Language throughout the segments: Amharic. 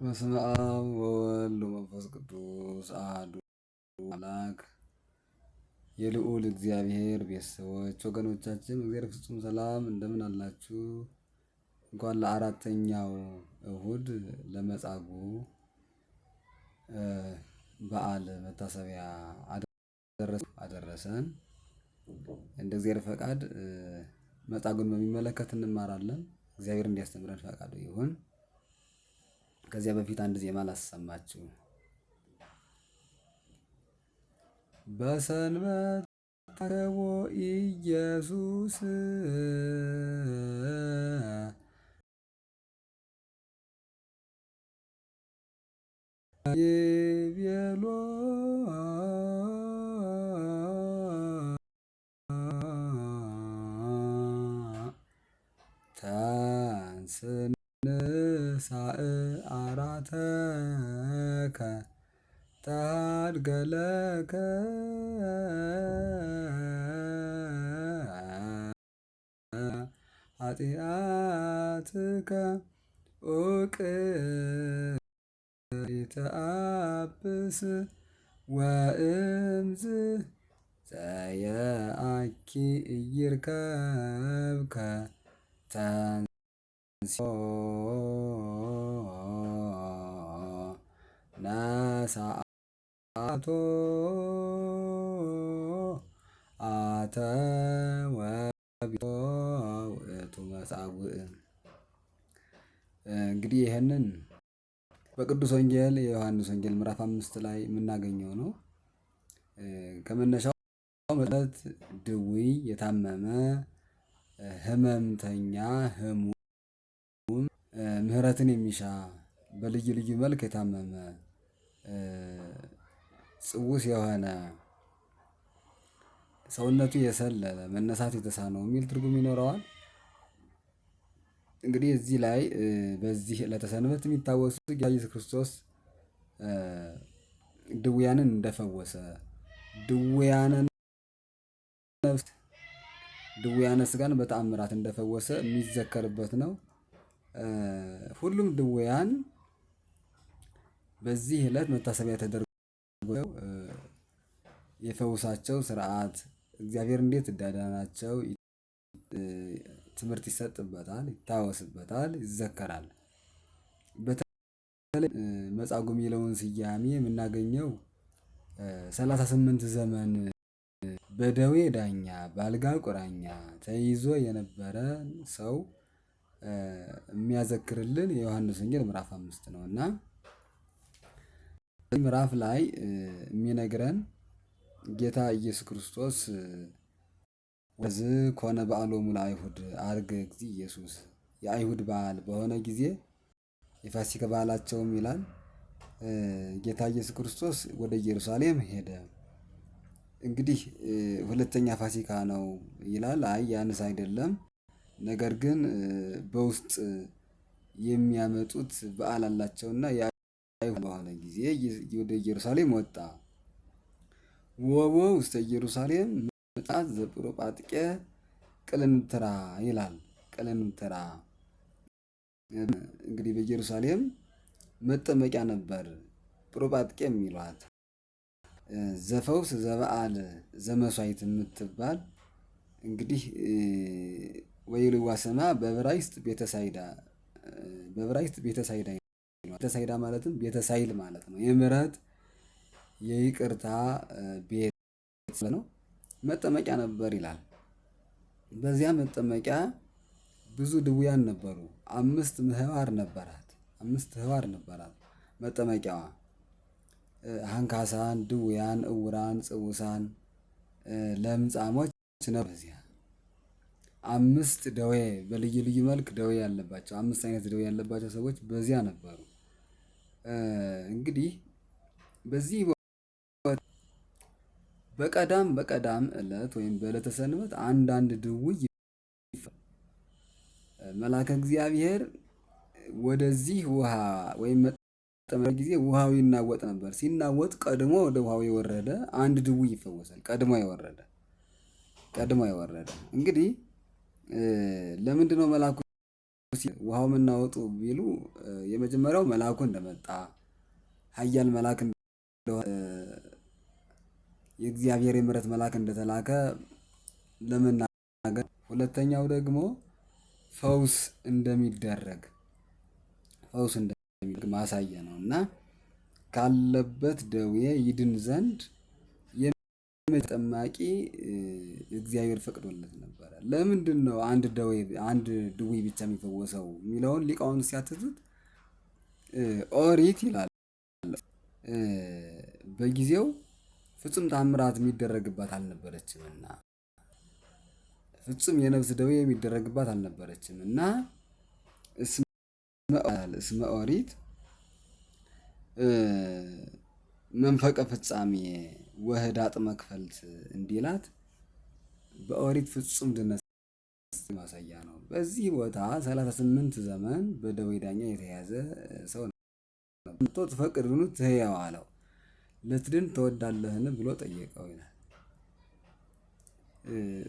በስመ አብ ወወልድ ወመንፈስ ቅዱስ አሐዱ አምላክ። የልዑል እግዚአብሔር ቤተሰቦች ወገኖቻችን፣ እግዚአብሔር ፍጹም ሰላም እንደምን አላችሁ? እንኳን ለአራተኛው እሁድ ለመጻጉዕ በዓል መታሰቢያ አደረሰን። እንደ እግዚአብሔር ፈቃድ መጻጉዕን በሚመለከት እንማራለን። እግዚአብሔር እንዲያስተምረን ፈቃዱ ይሁን። ከዚያ በፊት አንድ ዜማ ላሰማችሁ። በሰንበት አረቦ ኢየሱስ ይቤሎ ታንስ ንሳእ አራተከ ታድገለከ ኃጢአትከ ውቅሪተ አብስ ወእምዝ ዘየአኪ ኢይርከብከ ነሳአቶ አተወቢቶ ውእቱ መጻጉዕ እንግዲህ ይህንን በቅዱስ ወንጌል የዮሐንስ ወንጌል ምዕራፍ አምስት ላይ የምናገኘው ነው። ከመነሻው ድውይ፣ የታመመ፣ ህመምተኛ፣ ህሙ ምሕረትን የሚሻ በልዩ ልዩ መልክ የታመመ ጽውስ የሆነ ሰውነቱ የሰለለ መነሳት የተሳነው የሚል ትርጉም ይኖረዋል። እንግዲህ እዚህ ላይ በዚህ ዕለተ ሰንበት ጌታ ኢየሱስ ክርስቶስ ድውያንን እንደፈወሰ ድውያንን ድውያነ ስጋን በተአምራት እንደፈወሰ የሚዘከርበት ነው። ሁሉም ድውያን በዚህ ዕለት መታሰቢያ ተደርገው የፈውሳቸው ስርዓት እግዚአብሔር እንዴት እንዳዳናቸው ትምህርት ይሰጥበታል፣ ይታወስበታል፣ ይዘከራል። በተለይ መጻጉዕ የሚለውን ስያሜ የምናገኘው ሰላሳ ስምንት ዘመን በደዌ ዳኛ በአልጋ ቁራኛ ተይዞ የነበረ ሰው የሚያዘክርልን የዮሐንስ ወንጌል ምዕራፍ አምስት ነው እና ምዕራፍ ላይ የሚነግረን ጌታ ኢየሱስ ክርስቶስ ወዝ ከሆነ በዓሎሙ ለአይሁድ አርገ ጊዜ ኢየሱስ የአይሁድ በዓል በሆነ ጊዜ የፋሲካ በዓላቸውም ይላል ጌታ ኢየሱስ ክርስቶስ ወደ ኢየሩሳሌም ሄደ። እንግዲህ ሁለተኛ ፋሲካ ነው ይላል። አይ ያንስ አይደለም ነገር ግን በውስጥ የሚያመጡት በዓል አላቸውና የአይሁድ በሆነ ጊዜ ወደ ኢየሩሳሌም ወጣ። ወቦ ውስተ ኢየሩሳሌም ምጣት ዘጵሮጳጥቄ ቅልንትራ ይላል። ቅልንትራ እንግዲህ በኢየሩሳሌም መጠመቂያ ነበር። ጵሮጳጥቄ የሚሏት ዘፈውስ ዘበዓል ዘመሷይት የምትባል እንግዲህ ወይልዋ ስማ በብራይስጥ ቤተሳይዳ በብራይስጥ ቤተሳይዳ ቤተሳይዳ ማለትም ቤተሳይል ማለት ነው። የምህረት የይቅርታ ቤት ነው። መጠመቂያ ነበር ይላል። በዚያ መጠመቂያ ብዙ ድውያን ነበሩ። አምስት ምህዋር ነበራት። አምስት ህዋር ነበራት መጠመቂያዋ ሃንካሳን፣ ድውያን፣ እውራን፣ ጽውሳን፣ ለምጻሞች ነበር እዚያ አምስት ደዌ በልዩ ልዩ መልክ ደዌ ያለባቸው አምስት አይነት ደዌ ያለባቸው ሰዎች በዚያ ነበሩ። እንግዲህ በዚህ በቀዳም በቀዳም ዕለት ወይም በዕለተ ሰንበት አንዳንድ ድውይ መልአከ እግዚአብሔር ወደዚህ ውሃ ወይም መጠመሪያ ጊዜ ውሃው ይናወጥ ነበር። ሲናወጥ ቀድሞ ወደ ውሃው የወረደ አንድ ድውይ ይፈወሳል። ቀድሞ የወረደ ቀድሞ የወረደ እንግዲህ ነው መላኩ ውሃው የምናወጡ ቢሉ የመጀመሪያው መላኩ እንደመጣ ኃያል መላክ የእግዚአብሔር የምሕረት መልአክ እንደተላከ ለመናገር፣ ሁለተኛው ደግሞ ፈውስ እንደሚደረግ ፈውስ እንደሚደረግ ማሳያ ነው እና ካለበት ደዌ ይድን ዘንድ ጠማቂ እግዚአብሔር ፈቅዶለት ነበረ። ለምንድነው አንድ ደዌ አንድ ድዌ ብቻ የሚፈወሰው የሚለውን ሊቃውን ሲያትቱት ኦሪት ይላል በጊዜው ፍጹም ታምራት የሚደረግባት አልነበረችምና ፍጹም የነፍስ ደዌ የሚደረግባት አልነበረችም እና እስመ ኦሪት መንፈቀ ፍጻሜ ወህዳጥ መክፈልት እንዲላት በኦሪት ፍጹም ድነት ማሳያ ነው። በዚህ ቦታ 38 ዘመን በደዌ ዳኛ የተያዘ ሰው ቶ ትፈቅድኑ ትህያው አለው። ልትድን ተወዳለህን ብሎ ጠየቀው ይላል።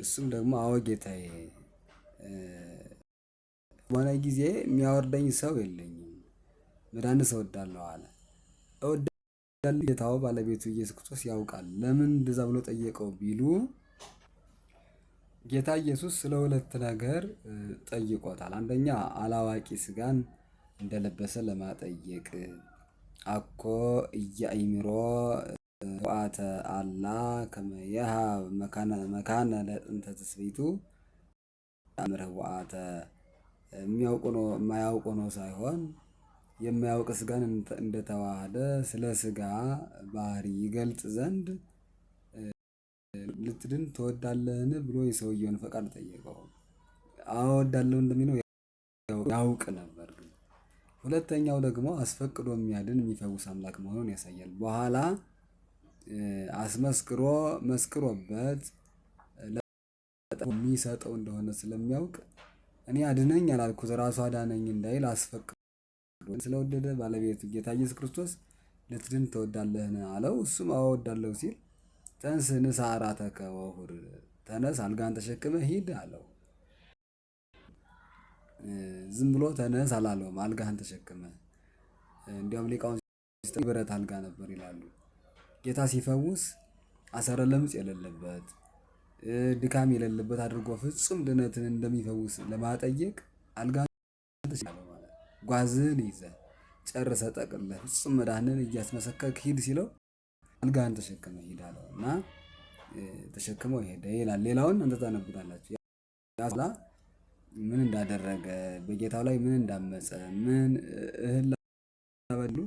እሱም ደግሞ አዎ ጌታዬ፣ በሆነ ጊዜ የሚያወርደኝ ሰው የለኝም መዳንስ እወዳለሁ አለ። ያለ ጌታው ባለቤቱ ኢየሱስ ክርስቶስ ያውቃል። ለምን እንደዛ ብሎ ጠየቀው ቢሉ ጌታ ኢየሱስ ስለ ሁለት ነገር ጠይቆታል። አንደኛ አላዋቂ ስጋን እንደለበሰ ለማጠየቅ አኮ እያይምሮ ዋአተ አላ ከመያሃ መካነ ለጥንተ ትስብእቱ አምረ ዋአተ የሚያውቁ ነው የማያውቁ ነው ሳይሆን የማያውቅ ስጋን እንደተዋሃደ ስለ ስጋ ባህሪ ይገልጥ ዘንድ ልትድን ትወዳለህን ብሎ የሰውየውን ፈቃድ ጠየቀው። አወዳለሁ እንደሚለው ያውቅ ነበር። ግን ሁለተኛው ደግሞ አስፈቅዶ የሚያድን የሚፈውስ አምላክ መሆኑን ያሳያል። በኋላ አስመስክሮ መስክሮበት የሚሰጠው እንደሆነ ስለሚያውቅ እኔ አድነኝ አላልኩት ራሱ አዳነኝ እንዳይል አስፈቅዶ ስለወደደ ባለቤቱ ጌታ ኢየሱስ ክርስቶስ ልትድን ትወዳለህን? አለው። እሱም አዎ እወዳለሁ ሲል ተንስ ንሳ አራተከ ወሑድ፣ ተነስ አልጋን ተሸክመ ሂድ አለው። ዝም ብሎ ተነስ አላለውም፣ አልጋህን ተሸክመ እንዲያውም ሊቃውንት ብረት አልጋ ነበር ይላሉ። ጌታ ሲፈውስ አሰረ ለምጽ የሌለበት ድካም የሌለበት አድርጎ ፍጹም ድነትን እንደሚፈውስ ለማጠየቅ አልጋ ጓዝን ይዘ ጨርሰ ጠቅለ ፍጹም መዳንን እያስመሰከርክ ሂድ ሲለው አልጋን ተሸክመ ሂድ አለው እና ተሸክመው ሄደ ይላል። ሌላውን አንተ ታነቡታላችሁ። ያላ ምን እንዳደረገ በጌታው ላይ ምን እንዳመፀ ምን እህል በሉ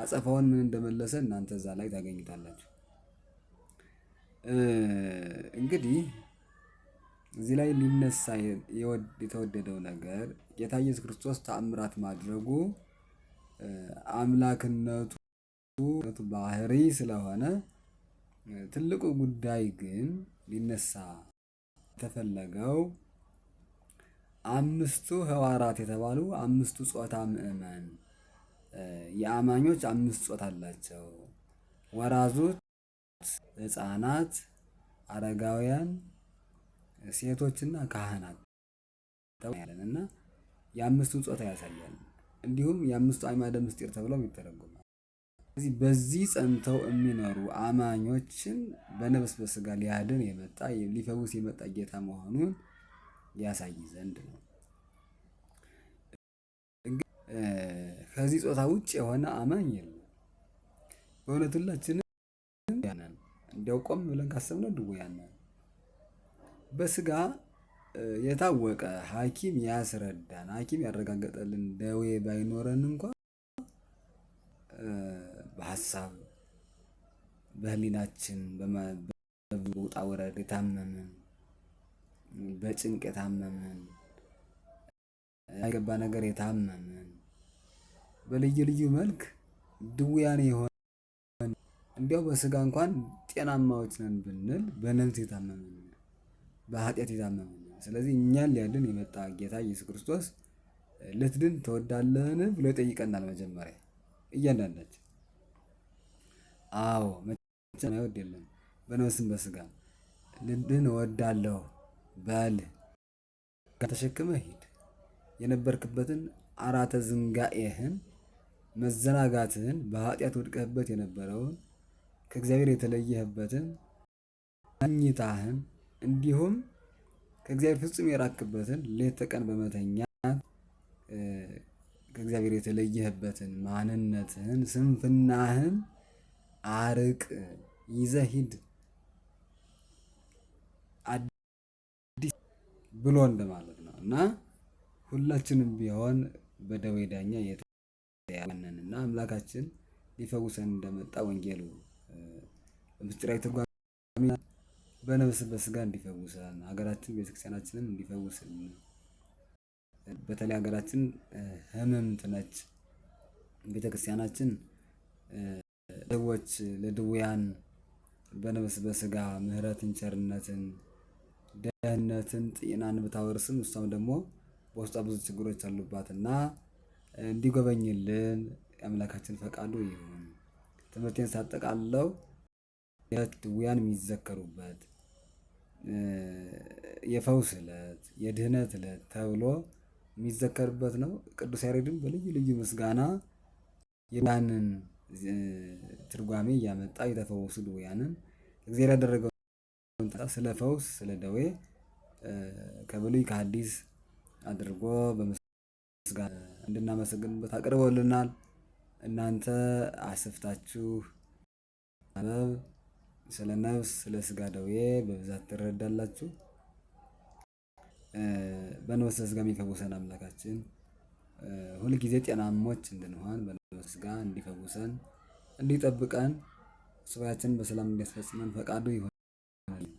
አጸፋውን ምን እንደመለሰ እናንተ እዛ ላይ ታገኙታላችሁ። እንግዲህ እዚህ ላይ ሊነሳ የተወደደው ነገር ጌታ ኢየሱስ ክርስቶስ ተአምራት ማድረጉ አምላክነቱ ባህሪ ስለሆነ ትልቁ ጉዳይ ግን ሊነሳ የተፈለገው አምስቱ ህዋራት የተባሉ አምስቱ ጾታ ምእመን የአማኞች አምስት ጾታ አላቸው። ወራዙት፣ ህፃናት፣ አረጋውያን ሴቶችና ካህናት ያለን እና የአምስቱን ጾታ ያሳያል። እንዲሁም የአምስቱ አዕማደ ምስጢር ተብለው ይተረጎማል። ስለዚህ በዚህ ጸንተው የሚኖሩ አማኞችን በነፍስ በሥጋ ሊያድን የመጣ ሊፈውስ የመጣ ጌታ መሆኑን ያሳይ ዘንድ ነው። ከዚህ ጾታ ውጭ የሆነ አማኝ የለም። በእውነት ሁላችንም እንዲያው ቆም ብለን ካሰብነው ድውያናል። በስጋ የታወቀ ሐኪም ያስረዳን ሐኪም ያረጋገጠልን ደዌ ባይኖረን እንኳ በሀሳብ በህሊናችን ውጣ ውረድ የታመምን በጭንቅ የታመምን ያገባ ነገር የታመምን በልዩ ልዩ መልክ ድውያን የሆነ እንዲያው በስጋ እንኳን ጤናማዎች ነን ብንል በነፍስ የታመምን በኃጢአት የታመመ ስለዚህ እኛን ሊያድን የመጣ ጌታ ኢየሱስ ክርስቶስ ልትድን ተወዳለን ብሎ ይጠይቀናል። መጀመሪያ እያንዳንዳች አዎ፣ መቼም አይወድ የለም በነፍስም በስጋ ልድን እወዳለሁ በል ከተሸክመ ሂድ። የነበርክበትን አራተ ዝንጋኤህን መዘናጋትህን በኃጢአት ወድቀህበት የነበረውን ከእግዚአብሔር የተለየህበትን መኝታህን እንዲሁም ከእግዚአብሔር ፍጹም የራክበትን ሌት ተቀን በመተኛት ከእግዚአብሔር የተለየህበትን ማንነትህን ስንፍናህን አርቅ ይዘህ ሂድ አዲስ ብሎ እንደማለት ነው እና ሁላችንም ቢሆን በደዌ ዳኛ የተያዘንን እና አምላካችን ሊፈውሰን እንደመጣ ወንጌሉ ምስጢራዊ ተጓሚ በነፍስ በስጋ እንዲፈውሰን ሀገራችን ቤተክርስቲያናችንም እንዲፈውስልን በተለይ ሀገራችን ህመምት ነች። ቤተክርስቲያናችን ሰዎች ለድውያን በነፍስ በስጋ ምህረትን፣ ቸርነትን፣ ደህንነትን፣ ጤናን ብታወርስም እሷም ደግሞ በውስጧ ብዙ ችግሮች እና እንዲጎበኝልን የአምላካችን ፈቃዱ ይሁን። ትምህርቴን ሳጠቃለው ድውያን የሚዘከሩበት የፈውስ ዕለት የድህነት ዕለት ተብሎ የሚዘከርበት ነው። ቅዱስ ያሬድን በልዩ ልዩ ምስጋና የዳንን ትርጓሜ እያመጣ የተፈወሱ ድውያንን እግዚአብሔር ያደረገው ስለ ፈውስ ስለ ደዌ ከብሉይ ከአዲስ አድርጎ በምስጋና እንድናመሰግንበት አቅርቦልናል። እናንተ አስፍታችሁ አበብ ስለ ነፍስ ስለ ስጋ ደዌ በብዛት ትረዳላችሁ። በነፍስ ስጋ የሚፈውሰን አምላካችን ሁልጊዜ ጤናሞች እንድንሆን በነፍስ ስጋ እንዲፈውሰን እንዲጠብቀን ጽባያችንን በሰላም እንዲያስፈጽመን ፈቃዱ ይሆናል።